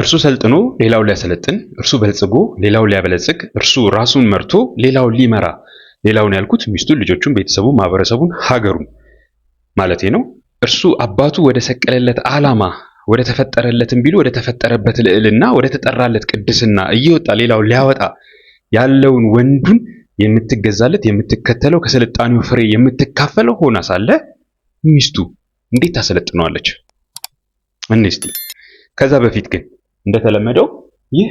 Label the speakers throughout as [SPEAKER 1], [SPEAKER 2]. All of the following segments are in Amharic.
[SPEAKER 1] እርሱ ሰልጥኖ ሌላው ሊያሰለጥን፣ እርሱ በልጽጎ ሌላው ሊያበለጽግ፣ እርሱ ራሱን መርቶ ሌላው ሊመራ። ሌላውን ያልኩት ሚስቱን፣ ልጆቹን፣ ቤተሰቡን፣ ማህበረሰቡን፣ ሀገሩን ማለቴ ነው። እርሱ አባቱ ወደ ሰቀለለት ዓላማ ወደ ተፈጠረለትን ቢሉ ወደ ተፈጠረበት ልዕልና ወደ ተጠራለት ቅድስና እየወጣ ሌላው ሊያወጣ ያለውን ወንዱን የምትገዛለት የምትከተለው ከስልጣኔው ፍሬ የምትካፈለው ሆና ሳለ ሚስቱ እንዴት ታሰለጥነዋለች? እንስቲ ከዛ በፊት ግን እንደተለመደው ይህ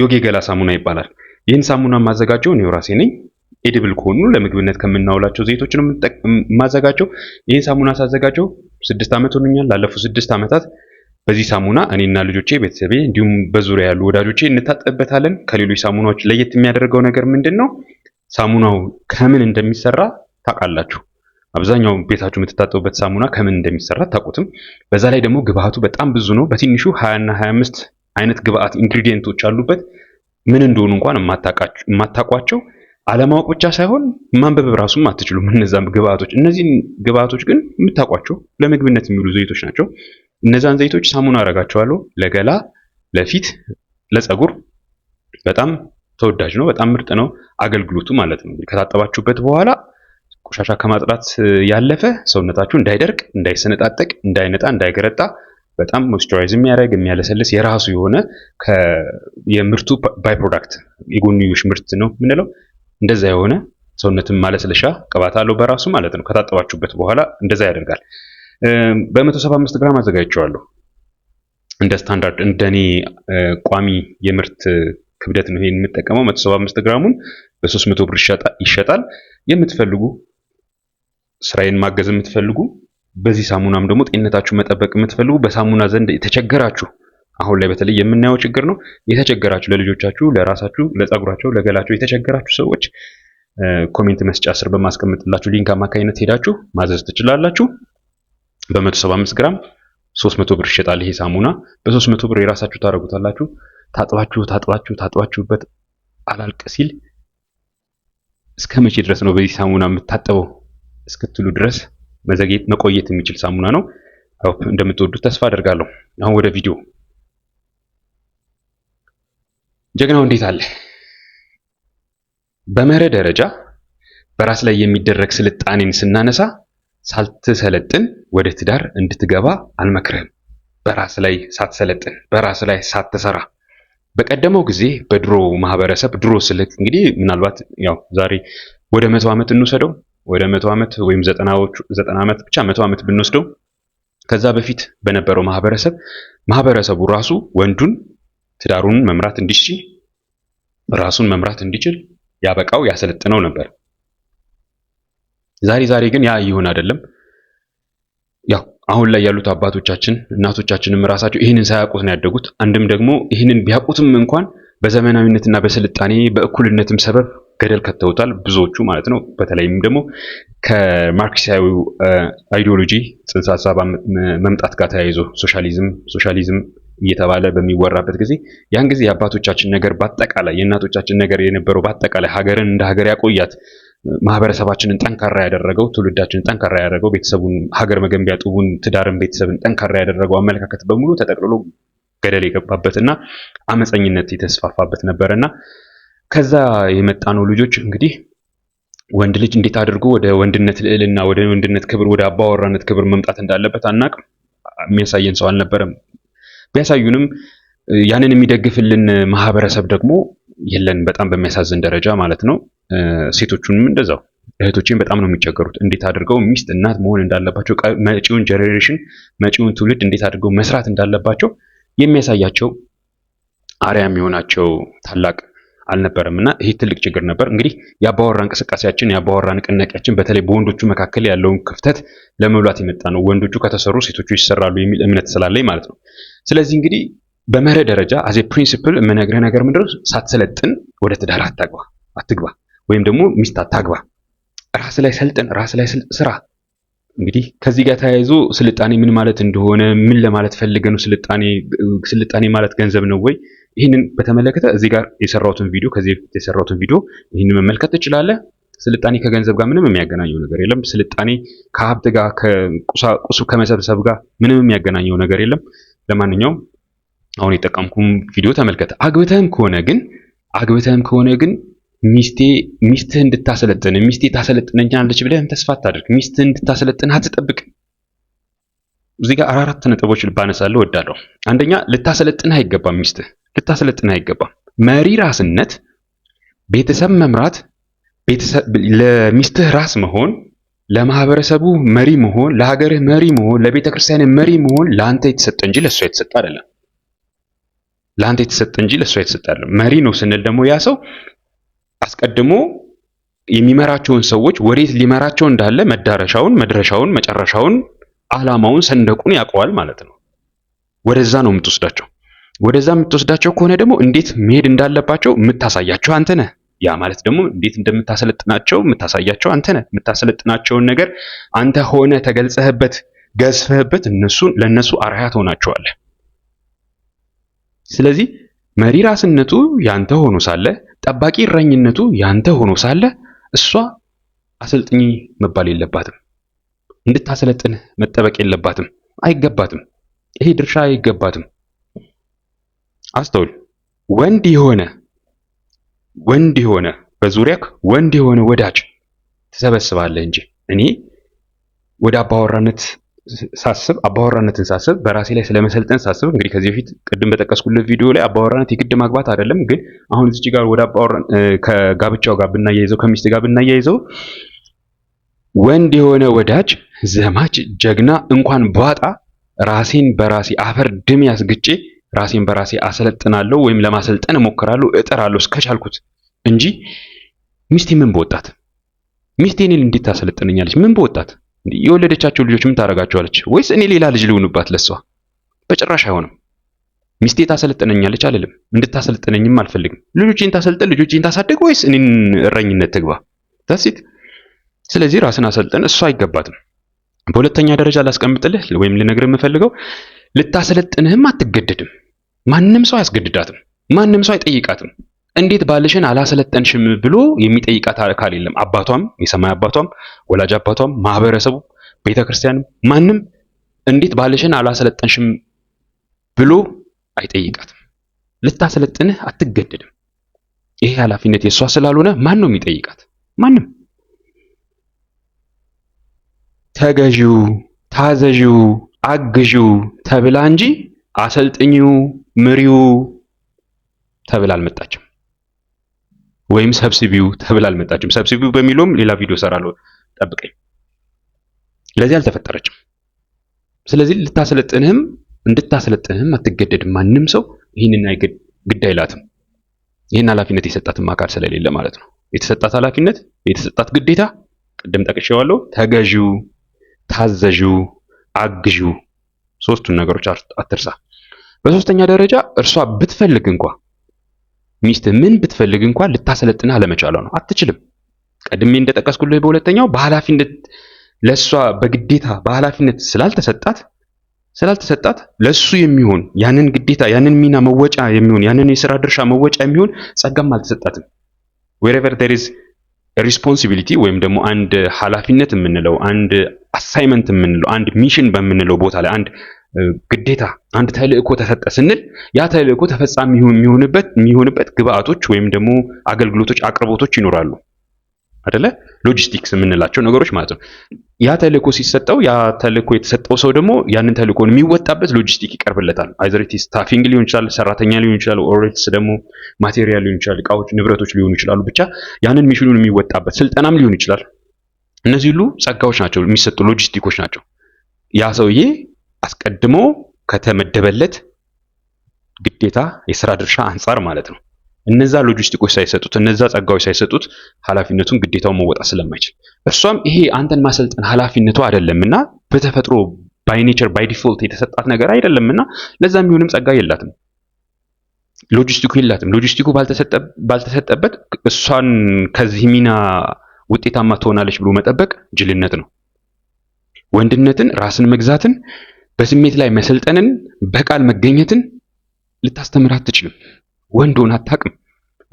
[SPEAKER 1] ዮጊ የገላ ሳሙና ይባላል። ይህን ሳሙና ማዘጋጀው እኔው ራሴ ነኝ። ኤድብል ከሆኑ ለምግብነት ከምናውላቸው ዘይቶች ነው የማዘጋጀው። ይህን ሳሙና ሳዘጋጀው ስድስት ዓመት ሆኖኛል። ላለፉት ስድስት ዓመታት በዚህ ሳሙና እኔና ልጆቼ፣ ቤተሰቤ እንዲሁም በዙሪያ ያሉ ወዳጆቼ እንታጠብበታለን። ከሌሎች ሳሙናዎች ለየት የሚያደርገው ነገር ምንድን ነው? ሳሙናው ከምን እንደሚሰራ ታውቃላችሁ። አብዛኛው ቤታችሁ የምትታጠቡበት ሳሙና ከምን እንደሚሰራ አታውቁትም። በዛ ላይ ደግሞ ግብአቱ በጣም ብዙ ነው። በትንሹ ሀያና ሀያ አምስት አይነት ግብአት ኢንግሪዲየንቶች አሉበት። ምን እንደሆኑ እንኳን የማታውቋቸው አለማወቅ ብቻ ሳይሆን ማንበብ ራሱም አትችሉም። እነዛም ግብአቶች እነዚህን ግብአቶች ግን የምታውቋቸው ለምግብነት የሚውሉ ዘይቶች ናቸው። እነዛን ዘይቶች ሳሙና አረጋቸዋለሁ። ለገላ፣ ለፊት፣ ለፀጉር በጣም ተወዳጅ ነው። በጣም ምርጥ ነው አገልግሎቱ ማለት ነው። ከታጠባችሁበት በኋላ ቆሻሻ ከማጥራት ያለፈ ሰውነታችሁ እንዳይደርቅ፣ እንዳይሰነጣጠቅ፣ እንዳይነጣ፣ እንዳይገረጣ በጣም ሞይስቸራይዝ የሚያደርግ የሚያለሰልስ የራሱ የሆነ የምርቱ ባይ ፕሮዳክት የጎንዮሽ ምርት ነው የምንለው። እንደዛ የሆነ ሰውነትን ማለስለሻ ቅባት አለው በራሱ ማለት ነው። ከታጠባችሁበት በኋላ እንደዛ ያደርጋል። በመቶ በ175 ግራም አዘጋጅቸዋለሁ እንደ ስታንዳርድ እንደ እኔ ቋሚ የምርት ክብደት ነው ይሄን የምጠቀመው። 175 ግራሙን በ መቶ ብር ይሸጣል። የምትፈልጉ ስራዬን ማገዝ የምትፈልጉ በዚህ ሳሙናም ደግሞ ጤንነታችሁ መጠበቅ የምትፈልጉ በሳሙና ዘንድ የተቸገራችሁ አሁን ላይ በተለይ የምናየው ችግር ነው። የተቸገራችሁ ለልጆቻችሁ፣ ለራሳችሁ፣ ለጸጉራቸው፣ ለገላቸው የተቸገራችሁ ሰዎች ኮሜንት መስጫ ስር በማስቀመጥላችሁ ሊንክ አማካኝነት ሄዳችሁ ማዘዝ ትችላላችሁ። በ175 ግራም 300 ብር ይሸጣል። ይሄ ሳሙና በ300 ብር የራሳችሁ ታደርጉታላችሁ። ታጥባችሁ ታጥባችሁ ታጥባችሁበት አላልቅ ሲል እስከ መቼ ድረስ ነው በዚህ ሳሙና የምታጠበው እስክትሉ ድረስ መዘግየት መቆየት የሚችል ሳሙና ነው። እንደምትወዱት ተስፋ አደርጋለሁ። አሁን ወደ ቪዲዮ ጀግናው እንዴት አለ። በመርህ ደረጃ በራስ ላይ የሚደረግ ስልጣኔን ስናነሳ ሳትሰለጥን ወደ ትዳር እንድትገባ አልመክርህም። በራስ ላይ ሳትሰለጥን፣ በራስ ላይ ሳትሰራ በቀደመው ጊዜ በድሮ ማህበረሰብ ድሮ ስልክ እንግዲህ ምናልባት ያው ዛሬ ወደ መቶ ዓመት እንውሰደው ወደ መቶ ዓመት ወይም ዘጠና ዓመት ብቻ መቶ ዓመት ብንወስደው ከዛ በፊት በነበረው ማህበረሰብ ማህበረሰቡ ራሱ ወንዱን ትዳሩን መምራት እንዲችል ራሱን መምራት እንዲችል ያበቃው ያሰለጥነው ነበር። ዛሬ ዛሬ ግን ያ ይሁን አይደለም። ያው አሁን ላይ ያሉት አባቶቻችን እናቶቻችንም ራሳቸው ይህንን ሳያውቁት ነው ያደጉት። አንድም ደግሞ ይህንን ቢያውቁትም እንኳን በዘመናዊነትና በስልጣኔ በእኩልነትም ሰበብ ገደል ከተውታል ብዙዎቹ ማለት ነው። በተለይም ደግሞ ከማርክሲያዊ አይዲዮሎጂ ጽንሰ ሀሳብ መምጣት ጋር ተያይዞ ሶሻሊዝም ሶሻሊዝም እየተባለ በሚወራበት ጊዜ ያን ጊዜ የአባቶቻችን ነገር በአጠቃላይ የእናቶቻችን ነገር የነበረው በአጠቃላይ ሀገርን እንደ ሀገር ያቆያት ማህበረሰባችንን ጠንካራ ያደረገው ትውልዳችንን ጠንካራ ያደረገው ቤተሰቡን ሀገር መገንቢያ ጡቡን ትዳርን ቤተሰብን ጠንካራ ያደረገው አመለካከት በሙሉ ተጠቅልሎ ገደል የገባበት እና አመፀኝነት የተስፋፋበት ነበረ እና ከዛ የመጣ ነው ልጆች እንግዲህ ወንድ ልጅ እንዴት አድርጎ ወደ ወንድነት ልዕልና፣ ወደ ወንድነት ክብር፣ ወደ አባወራነት ክብር መምጣት እንዳለበት አናቅም። የሚያሳየን ሰው አልነበረም። ቢያሳዩንም ያንን የሚደግፍልን ማህበረሰብ ደግሞ የለን። በጣም በሚያሳዝን ደረጃ ማለት ነው። ሴቶቹንም እንደዛው እህቶችን በጣም ነው የሚቸገሩት። እንዴት አድርገው ሚስት እናት መሆን እንዳለባቸው፣ መጪውን ጀኔሬሽን መጪውን ትውልድ እንዴት አድርገው መስራት እንዳለባቸው የሚያሳያቸው አርያ የሚሆናቸው ታላቅ አልነበረም እና ይህ ትልቅ ችግር ነበር። እንግዲህ የአባወራ እንቅስቃሴያችን የአባወራ ንቅናቄያችን በተለይ በወንዶቹ መካከል ያለውን ክፍተት ለመሙላት የመጣ ነው። ወንዶቹ ከተሰሩ ሴቶቹ ይሰራሉ የሚል እምነት ስላለኝ ማለት ነው። ስለዚህ እንግዲህ በመርህ ደረጃ አዜ ፕሪንሲፕል የምነግርህ ነገር ምንድነው፣ ሳትሰለጥን ወደ ትዳር አታግባ አትግባ፣ ወይም ደግሞ ሚስት አታግባ። ራስ ላይ ሰልጥን፣ ራስ ላይ ስራ። እንግዲህ ከዚህ ጋር ተያይዞ ስልጣኔ ምን ማለት እንደሆነ ምን ለማለት ፈልገ ነው? ስልጣኔ ስልጣኔ ማለት ገንዘብ ነው ወይ ይህንን በተመለከተ እዚህ ጋር የሰራሁትን ቪዲዮ ከዚህ በፊት የሰራሁትን ቪዲዮ ይህንን መመልከት ትችላለህ። ስልጣኔ ከገንዘብ ጋር ምንም የሚያገናኘው ነገር የለም። ስልጣኔ ከሀብት ጋር ከቁሳቁስ ከመሰብሰብ ጋር ምንም የሚያገናኘው ነገር የለም። ለማንኛውም አሁን የጠቀምኩም ቪዲዮ ተመልከተ። አግብተህም ከሆነ ግን አግብተህም ከሆነ ግን ሚስቴ ሚስትህ እንድታሰለጥን ሚስቴ ታሰለጥነኛለች ብለህም ተስፋ አታድርግ። ሚስትህ እንድታሰለጥን አትጠብቅ። እዚህ ጋር አራት ነጥቦች ባነሳለሁ እወዳለሁ። አንደኛ ልታሰለጥን አይገባም ሚስትህ ልታሰለጥን አይገባም። መሪ ራስነት፣ ቤተሰብ መምራት፣ ለሚስትህ ራስ መሆን ለማህበረሰቡ መሪ መሆን፣ ለሀገርህ መሪ መሆን፣ ለቤተ ክርስቲያን መሪ መሆን ለአንተ የተሰጠ እንጂ ለእሷ የተሰጠ አይደለም። ለአንተ የተሰጠ እንጂ ለእሷ የተሰጠ አይደለም። መሪ ነው ስንል ደግሞ ያ ሰው አስቀድሞ የሚመራቸውን ሰዎች ወዴት ሊመራቸው እንዳለ መዳረሻውን፣ መድረሻውን፣ መጨረሻውን፣ ዓላማውን፣ ሰንደቁን ያውቀዋል ማለት ነው። ወደዛ ነው የምትወስዳቸው። ወደዛ የምትወስዳቸው ከሆነ ደግሞ እንዴት መሄድ እንዳለባቸው የምታሳያቸው አንተ ነህ። ያ ማለት ደግሞ እንዴት እንደምታሰለጥናቸው የምታሳያቸው አንተ ነህ። የምታሰለጥናቸውን ነገር አንተ ሆነ ተገልጸህበት ገዝፈህበት እነሱን ለእነሱ አርአያ ትሆናቸዋለህ። ስለዚህ መሪ ራስነቱ ያንተ ሆኖ ሳለ፣ ጠባቂ እረኝነቱ ያንተ ሆኖ ሳለ እሷ አሰልጥኝ መባል የለባትም። እንድታሰለጥንህ መጠበቅ የለባትም አይገባትም። ይሄ ድርሻ አይገባትም። አስተውል። ወንድ የሆነ ወንድ የሆነ በዙሪያክ ወንድ የሆነ ወዳጅ ትሰበስባለህ እንጂ እኔ ወደ አባወራነት ሳስብ አባወራነትን ሳስብ በራሴ ላይ ስለመሰልጠን ሳስብ እንግዲህ ከዚህ በፊት ቅድም በጠቀስኩለት ቪዲዮ ላይ አባወራነት የግድ ማግባት አይደለም። ግን አሁን እዚህ ጋር ወደ አባወራነት ከጋብቻው ጋር ብናያይዘው ከሚስት ጋር ብናያይዘው ወንድ የሆነ ወዳጅ፣ ዘማች፣ ጀግና እንኳን በዋጣ ራሴን በራሴ አፈር ድም ያስግጬ ራሴን በራሴ አሰለጥናለሁ ወይም ለማሰልጠን እሞክራለሁ፣ እጥራለሁ እስከቻልኩት እንጂ ሚስቴ ምን በወጣት ሚስቴ እኔን እንዴት ታሰለጥነኛለች? ምን በወጣት የወለደቻቸው ልጆች ምን ታደርጋቸዋለች? ወይስ እኔ ሌላ ልጅ ልሆንባት? ለሷ በጭራሽ አይሆንም። ሚስቴ ታሰለጥነኛለች አልልም፣ እንድታሰለጥነኝም አልፈልግም። ልጆቼን ታሰልጥን፣ ልጆቼን ታሳድግ፣ ወይስ እኔን እረኝነት ትግባ? ታሲት ስለዚህ ራስን አሰልጥን፣ እሷ አይገባትም። በሁለተኛ ደረጃ ላስቀምጥልህ ወይም ልነግርህ የምፈልገው ልታሰለጥንህም አትገደድም። ማንም ሰው አያስገድዳትም። ማንም ሰው አይጠይቃትም። እንዴት ባልሽን አላሰለጠንሽም ብሎ የሚጠይቃት አካል የለም። አባቷም፣ የሰማይ አባቷም፣ ወላጅ አባቷም፣ ማህበረሰቡ፣ ቤተክርስቲያንም ማንም እንዴት ባልሽን አላሰለጠንሽም ብሎ አይጠይቃትም። ልታሰለጥንህ አትገደድም። ይሄ ኃላፊነት የእሷ ስላልሆነ ማን ነው የሚጠይቃት? ማንም። ተገዢው፣ ታዘዢው፣ አግዢው ተብላ እንጂ አሰልጥኚው ምሪው ተብላ አልመጣችም፣ ወይም ሰብስቢው ተብላ አልመጣችም። ሰብስቢው በሚለውም ሌላ ቪዲዮ ሰራለሁ፣ ጠብቀኝ። ለዚህ አልተፈጠረችም። ስለዚህ ልታሰለጥንህም እንድታሰለጥንህም አትገደድም። ማንም ሰው ይህንን ግድ አይላትም። ይህን ኃላፊነት የሰጣትም አካል ስለሌለ ማለት ነው። የተሰጣት ኃላፊነት የተሰጣት ግዴታ ቅድም ጠቅሼዋለሁ። ተገዢው፣ ታዘዡ፣ አግዡ ሶስቱን ነገሮች አትርሳ። በሶስተኛ ደረጃ እርሷ ብትፈልግ እንኳ ሚስት ምን ብትፈልግ እንኳ ልታሰለጥና አለመቻሏ ነው። አትችልም። ቀድሜ እንደጠቀስኩልህ በሁለተኛው በኃላፊነት ለሷ በግዴታ በኃላፊነት ስላልተሰጣት ስላልተሰጣት ለሱ የሚሆን ያንን ግዴታ ያንን ሚና መወጫ የሚሆን ያንን የስራ ድርሻ መወጫ የሚሆን ጸጋም አልተሰጣትም። wherever there is ሪስፖንሲቢሊቲ ወይም ደግሞ አንድ ኃላፊነት የምንለው አንድ አሳይመንት የምንለው አንድ ሚሽን በምንለው ቦታ ላይ አንድ ግዴታ አንድ ተልእኮ ተሰጠ ስንል ያ ተልእኮ ተፈጻሚ የሚሆንበት የሚሆንበት ግብአቶች ወይም ደግሞ አገልግሎቶች፣ አቅርቦቶች ይኖራሉ አደለ? ሎጂስቲክስ የምንላቸው ነገሮች ማለት ነው። ያ ተልእኮ ሲሰጠው ያ ተልእኮ የተሰጠው ሰው ደግሞ ያንን ተልእኮን የሚወጣበት ሎጂስቲክ ይቀርብለታል። አይዘሪቲ ስታፊንግ ሊሆን ይችላል፣ ሰራተኛ ሊሆን ይችላል፣ ኦሬትስ ደግሞ ማቴሪያል ሊሆን ይችላል፣ እቃዎች፣ ንብረቶች ሊሆኑ ይችላሉ። ብቻ ያንን ሚሽኑን የሚወጣበት ስልጠናም ሊሆን ይችላል። እነዚህ ሁሉ ጸጋዎች ናቸው የሚሰጡ ሎጂስቲኮች ናቸው። ያ ሰውዬ አስቀድሞ ከተመደበለት ግዴታ የስራ ድርሻ አንጻር ማለት ነው። እነዛ ሎጂስቲኮች ሳይሰጡት እነዛ ጸጋዎች ሳይሰጡት ኃላፊነቱን ግዴታውን መወጣት ስለማይችል እሷም ይሄ አንተን ማሰልጠን ኃላፊነቱ አይደለምና በተፈጥሮ ባይ ኔቸር ባይ ዲፎልት የተሰጣት ነገር አይደለምና ለዛ የሚሆንም ጸጋ የላትም። ሎጂስቲኩ የላትም። ሎጂስቲኩ ባልተሰጠበት እሷን ከዚህ ሚና ውጤታማ ትሆናለች ብሎ መጠበቅ ጅልነት ነው። ወንድነትን፣ ራስን መግዛትን በስሜት ላይ መሰልጠንን፣ በቃል መገኘትን ልታስተምር አትችልም። ወንድ ሆና አታውቅም።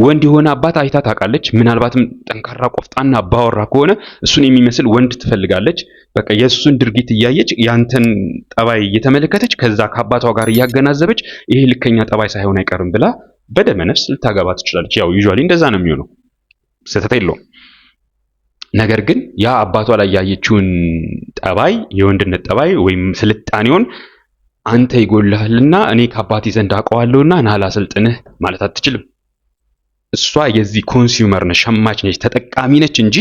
[SPEAKER 1] ወንድ የሆነ አባት አይታ ታውቃለች። ምናልባትም ጠንካራ ቆፍጣና አባወራ ከሆነ እሱን የሚመስል ወንድ ትፈልጋለች። በቃ የእሱን ድርጊት እያየች ያንተን ጠባይ እየተመለከተች ከዛ ከአባቷ ጋር እያገናዘበች ይሄ ልከኛ ጠባይ ሳይሆን አይቀርም ብላ በደመ ልታገባ ትችላለች። ያው ዩዥዋሊ እንደዛ ነው የሚሆነው፣ ስህተት የለውም። ነገር ግን ያ አባቷ ላይ ያየችውን ጠባይ የወንድነት ጠባይ ወይም ስልጣኔውን አንተ ይጎልሃልና እኔ ከአባቴ ዘንድ አውቀዋለሁና ና ላሰልጥንህ ማለት አትችልም። እሷ የዚህ ኮንሱመር ነች፣ ሸማች ነች፣ ተጠቃሚ ነች እንጂ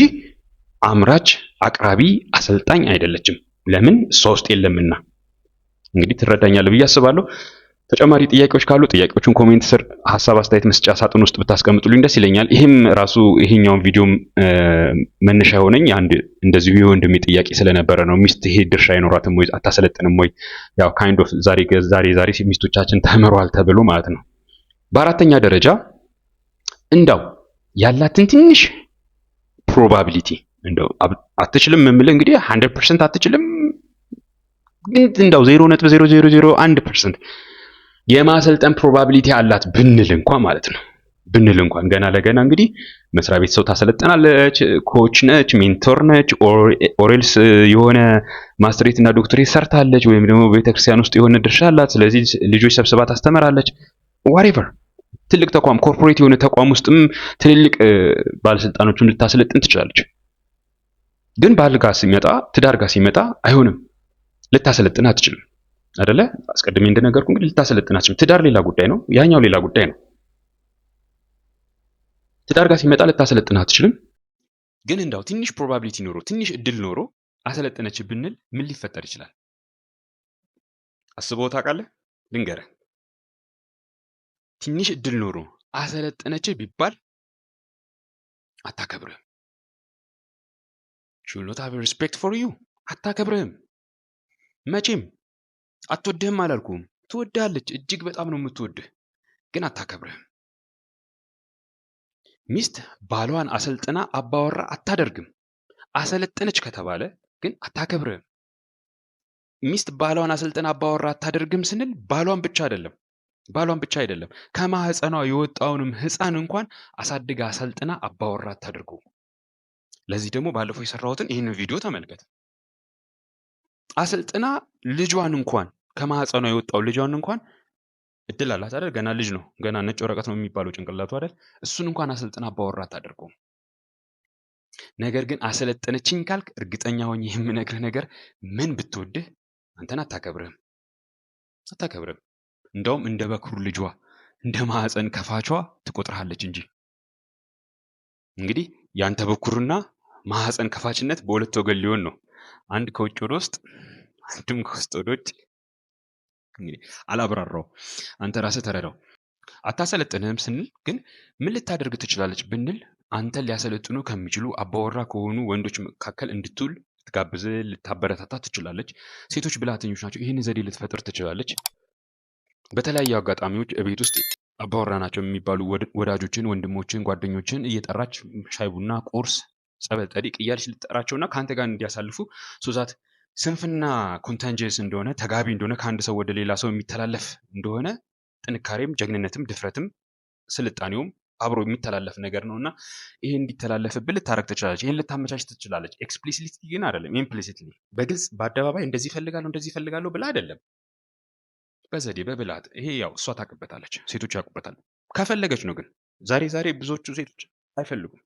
[SPEAKER 1] አምራች፣ አቅራቢ፣ አሰልጣኝ አይደለችም። ለምን እሷ ውስጥ የለምና። እንግዲህ ትረዳኛለህ ብዬ አስባለሁ። ተጨማሪ ጥያቄዎች ካሉ ጥያቄዎቹን ኮሜንት ስር ሀሳብ አስተያየት መስጫ ሳጥን ውስጥ ብታስቀምጡልኝ ደስ ይለኛል። ይህም ራሱ ይሄኛውን ቪዲዮም መነሻ የሆነኝ አንድ እንደዚሁ የወንድሜ ጥያቄ ስለነበረ ነው። ሚስት ይሄ ድርሻ አይኖራትም ወይ አታሰለጥንም ወይ? ያው ካይንድ ኦፍ ዛሬ ዛሬ ዛሬ ሚስቶቻችን ተምረዋል ተብሎ ማለት ነው። በአራተኛ ደረጃ እንዳው ያላትን ትንሽ ፕሮባቢሊቲ እንደው አትችልም የምልህ እንግዲህ 100% አትችልም፣ ግን እንዳው 0.0001% የማሰልጠን ፕሮባቢሊቲ አላት ብንል እንኳን ማለት ነው ብንል እንኳን ገና ለገና እንግዲህ መስሪያ ቤት ሰው ታሰለጠናለች፣ ኮች ነች፣ ሜንቶር ነች፣ ኦሬልስ የሆነ ማስትሬት እና ዶክትሬት ሰርታለች፣ ወይም ደግሞ ቤተክርስቲያን ውስጥ የሆነ ድርሻ አላት። ስለዚህ ልጆች ሰብስባ ታስተምራለች። ዋሬቨር ትልቅ ተቋም ኮርፖሬት የሆነ ተቋም ውስጥም ትልልቅ ባለስልጣኖችን ልታሰለጥን ትችላለች። ግን ባል ጋር ሲመጣ ትዳር ጋር ሲመጣ አይሆንም፣ ልታሰለጥን አትችልም። አይደለ? አስቀድሜ እንደነገርኩ እንግዲህ ልታሰለጥናችሁ። ትዳር ሌላ ጉዳይ ነው፣ ያኛው ሌላ ጉዳይ ነው። ትዳር ጋር ሲመጣ ልታሰለጥና አትችልም። ግን እንዳው ትንሽ ፕሮባቢሊቲ ኖሮ ትንሽ እድል ኖሮ አሰለጠነች ብንል ምን ሊፈጠር ይችላል? አስበው ታቃለ ልንገረ ትንሽ እድል ኖሮ አሰለጠነች ቢባል አታከብርህም። ሹል ኖት ሃቭ ሪስፔክት ፎር ዩ አታከብርህም መቼም አትወድህም አላልኩም። ትወድሃለች። እጅግ በጣም ነው የምትወድህ፣ ግን አታከብርህም። ሚስት ባሏን አሰልጥና አባወራ አታደርግም። አሰለጠነች ከተባለ ግን አታከብርህም። ሚስት ባሏን አሰልጥና አባወራ አታደርግም ስንል ባሏን ብቻ አይደለም ባሏን ብቻ አይደለም ከማህፀኗ የወጣውንም ህፃን እንኳን አሳድጋ አሰልጥና አባወራ አታደርጉ። ለዚህ ደግሞ ባለፈው የሰራሁትን ይህንን ቪዲዮ ተመልከት። አሰልጥና ልጇን እንኳን ከማህፀኗ የወጣው ልጇን እንኳን እድል አላት አይደል? ገና ልጅ ነው፣ ገና ነጭ ወረቀት ነው የሚባለው ጭንቅላቱ አይደል? እሱን እንኳን አሰልጥና ባወራት አታደርገውም። ነገር ግን አሰለጠነችኝ ካልክ እርግጠኛ ሆኝ የምነግርህ ነገር ምን ብትወድህ አንተን አታከብርህም፣ አታከብርህም። እንደውም እንደ በክሩ ልጇ እንደ ማህፀን ከፋቿ ትቆጥርሃለች እንጂ። እንግዲህ ያንተ በኩርና ማህፀን ከፋችነት በሁለት ወገን ሊሆን ነው። አንድ ከውጭ ወደ ውስጥ፣ አንድም ከውስጥ ወደ ውጭ። እንግዲህ አላብራራው፣ አንተ ራስህ ተረዳው። አታሰለጥንህም ስንል ግን ምን ልታደርግ ትችላለች ብንል አንተን ሊያሰለጥኑ ከሚችሉ አባወራ ከሆኑ ወንዶች መካከል እንድትውል ልትጋብዝ ልታበረታታ ትችላለች። ሴቶች ብላተኞች ናቸው፣ ይህን ዘዴ ልትፈጥር ትችላለች። በተለያዩ አጋጣሚዎች እቤት ውስጥ አባወራ ናቸው የሚባሉ ወዳጆችን፣ ወንድሞችን፣ ጓደኞችን እየጠራች ሻይ ቡና፣ ቁርስ ጸበል ጠዲቅ እያለች ልጠራቸውና ከአንተ ጋር እንዲያሳልፉ ሶዛት ስንፍና ኮንታንጀስ እንደሆነ ተጋቢ እንደሆነ ከአንድ ሰው ወደ ሌላ ሰው የሚተላለፍ እንደሆነ ጥንካሬም፣ ጀግንነትም፣ ድፍረትም ስልጣኔውም አብሮ የሚተላለፍ ነገር ነው እና ይህ እንዲተላለፍብ ልታረግ ትችላለች። ይህን ልታመቻች ትችላለች። ኤክስፕሊሲትሊ ግን አይደለም። ኢምፕሊሲትሊ በግልጽ በአደባባይ እንደዚህ ይፈልጋለሁ እንደዚህ ይፈልጋለሁ ብላ አይደለም። በዘዴ በብልሃት ይሄ ያው እሷ ታውቅበታለች፣ ሴቶች ያውቁበታል። ከፈለገች ነው ግን ዛሬ ዛሬ ብዙዎቹ ሴቶች አይፈልጉም።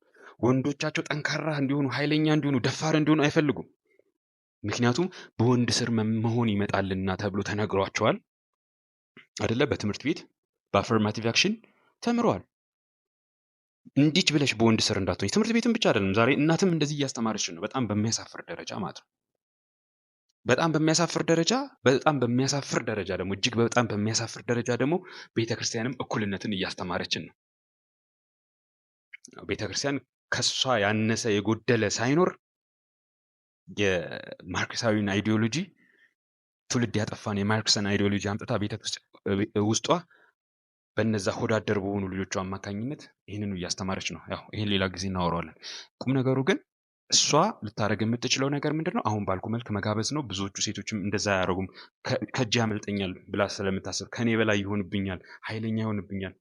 [SPEAKER 1] ወንዶቻቸው ጠንካራ እንዲሆኑ፣ ኃይለኛ እንዲሆኑ፣ ደፋር እንዲሆኑ አይፈልጉም። ምክንያቱም በወንድ ስር መሆን ይመጣልና ተብሎ ተነግሯቸዋል አደለ? በትምህርት ቤት በአፈርማቲቭ አክሽን ተምረዋል። እንዲች ብለሽ በወንድ ስር እንዳትሆኝ። ትምህርት ቤትም ብቻ አይደለም፣ ዛሬ እናትም እንደዚህ እያስተማረች ነው። በጣም በሚያሳፍር ደረጃ ማለት ነው። በጣም በሚያሳፍር ደረጃ በጣም በሚያሳፍር ደረጃ ደግሞ እጅግ በጣም በሚያሳፍር ደረጃ ደግሞ ቤተክርስቲያንም እኩልነትን እያስተማረችን ነው። ቤተክርስቲያን ከሷ ያነሰ የጎደለ ሳይኖር የማርክሳዊን አይዲዮሎጂ ትውልድ ያጠፋን የማርክሰን አይዲዮሎጂ አምጥታ ቤተ ውስጧ በነዛ ሆዳደር በሆኑ ልጆቿ አማካኝነት ይህንኑ እያስተማረች ነው። ያው ይህን ሌላ ጊዜ እናወረዋለን። ቁም ነገሩ ግን እሷ ልታደረግ የምትችለው ነገር ምንድን ነው? አሁን ባልኩ መልክ መጋበዝ ነው። ብዙዎቹ ሴቶችም እንደዛ አያደረጉም። ከእጅ ያመልጠኛል ብላ ስለምታስብ ከኔ በላይ ይሆንብኛል፣ ኃይለኛ ይሆንብኛል።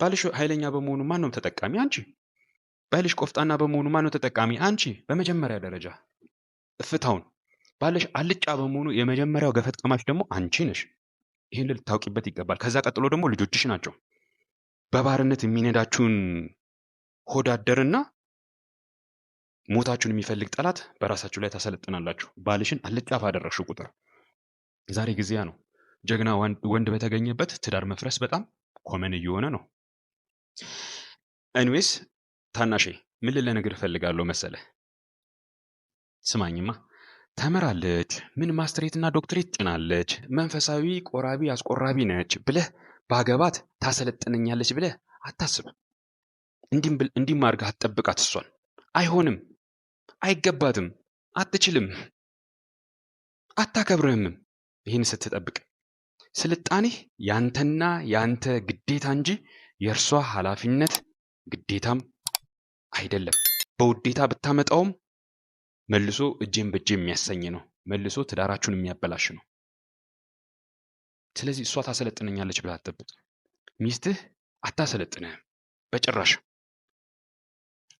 [SPEAKER 1] ባልሽ ኃይለኛ በመሆኑ ማን ነው ተጠቃሚ? አንቺ ባልሽ ቆፍጣና በመሆኑ ማነው ተጠቃሚ? አንቺ በመጀመሪያ ደረጃ እፍታውን ባልሽ አልጫ በመሆኑ የመጀመሪያው ገፈት ቀማሽ ደግሞ አንቺ ነሽ። ይህን ልታውቂበት ይገባል። ከዛ ቀጥሎ ደግሞ ልጆችሽ ናቸው። በባርነት የሚነዳችሁን ሆዳደርና ሞታችሁን የሚፈልግ ጠላት በራሳችሁ ላይ ታሰለጥናላችሁ። ባልሽን አልጫ ባደረግሽ ቁጥር ዛሬ ጊዜያ ነው። ጀግና ወንድ በተገኘበት ትዳር መፍረስ በጣም ኮመን እየሆነ ነው። ኤኒዌይስ ታናሼ ምን ነገር እፈልጋለሁ መሰለ ስማኝማ ተምራለች፣ ምን ማስትሬትና ዶክትሬት ጭናለች፣ መንፈሳዊ ቆራቢ አስቆራቢ ነች ብለህ ባገባት ታሰለጥነኛለች ብለህ አታስብ። እንዲም አድርጋ አትጠብቃት። እሷን አይሆንም፣ አይገባትም፣ አትችልም፣ አታከብርህምም። ይህን ስትጠብቅ ስልጣኔህ ያንተና ያንተ ግዴታ እንጂ የእርሷ ኃላፊነት ግዴታም አይደለም። በውዴታ ብታመጣውም መልሶ እጄን በእጄ የሚያሰኝ ነው። መልሶ ትዳራችሁን የሚያበላሽ ነው። ስለዚህ እሷ ታሰለጥነኛለች ብለህ አትጠብቅ። ሚስትህ አታሰለጥንህም በጭራሽ።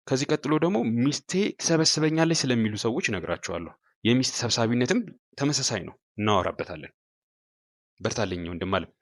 [SPEAKER 1] ከዚህ ቀጥሎ ደግሞ ሚስቴ ትሰበስበኛለች ስለሚሉ ሰዎች እነግራቸዋለሁ። የሚስት ሰብሳቢነትም ተመሳሳይ ነው፣ እናወራበታለን። በርታለኝ ወንድም አለም።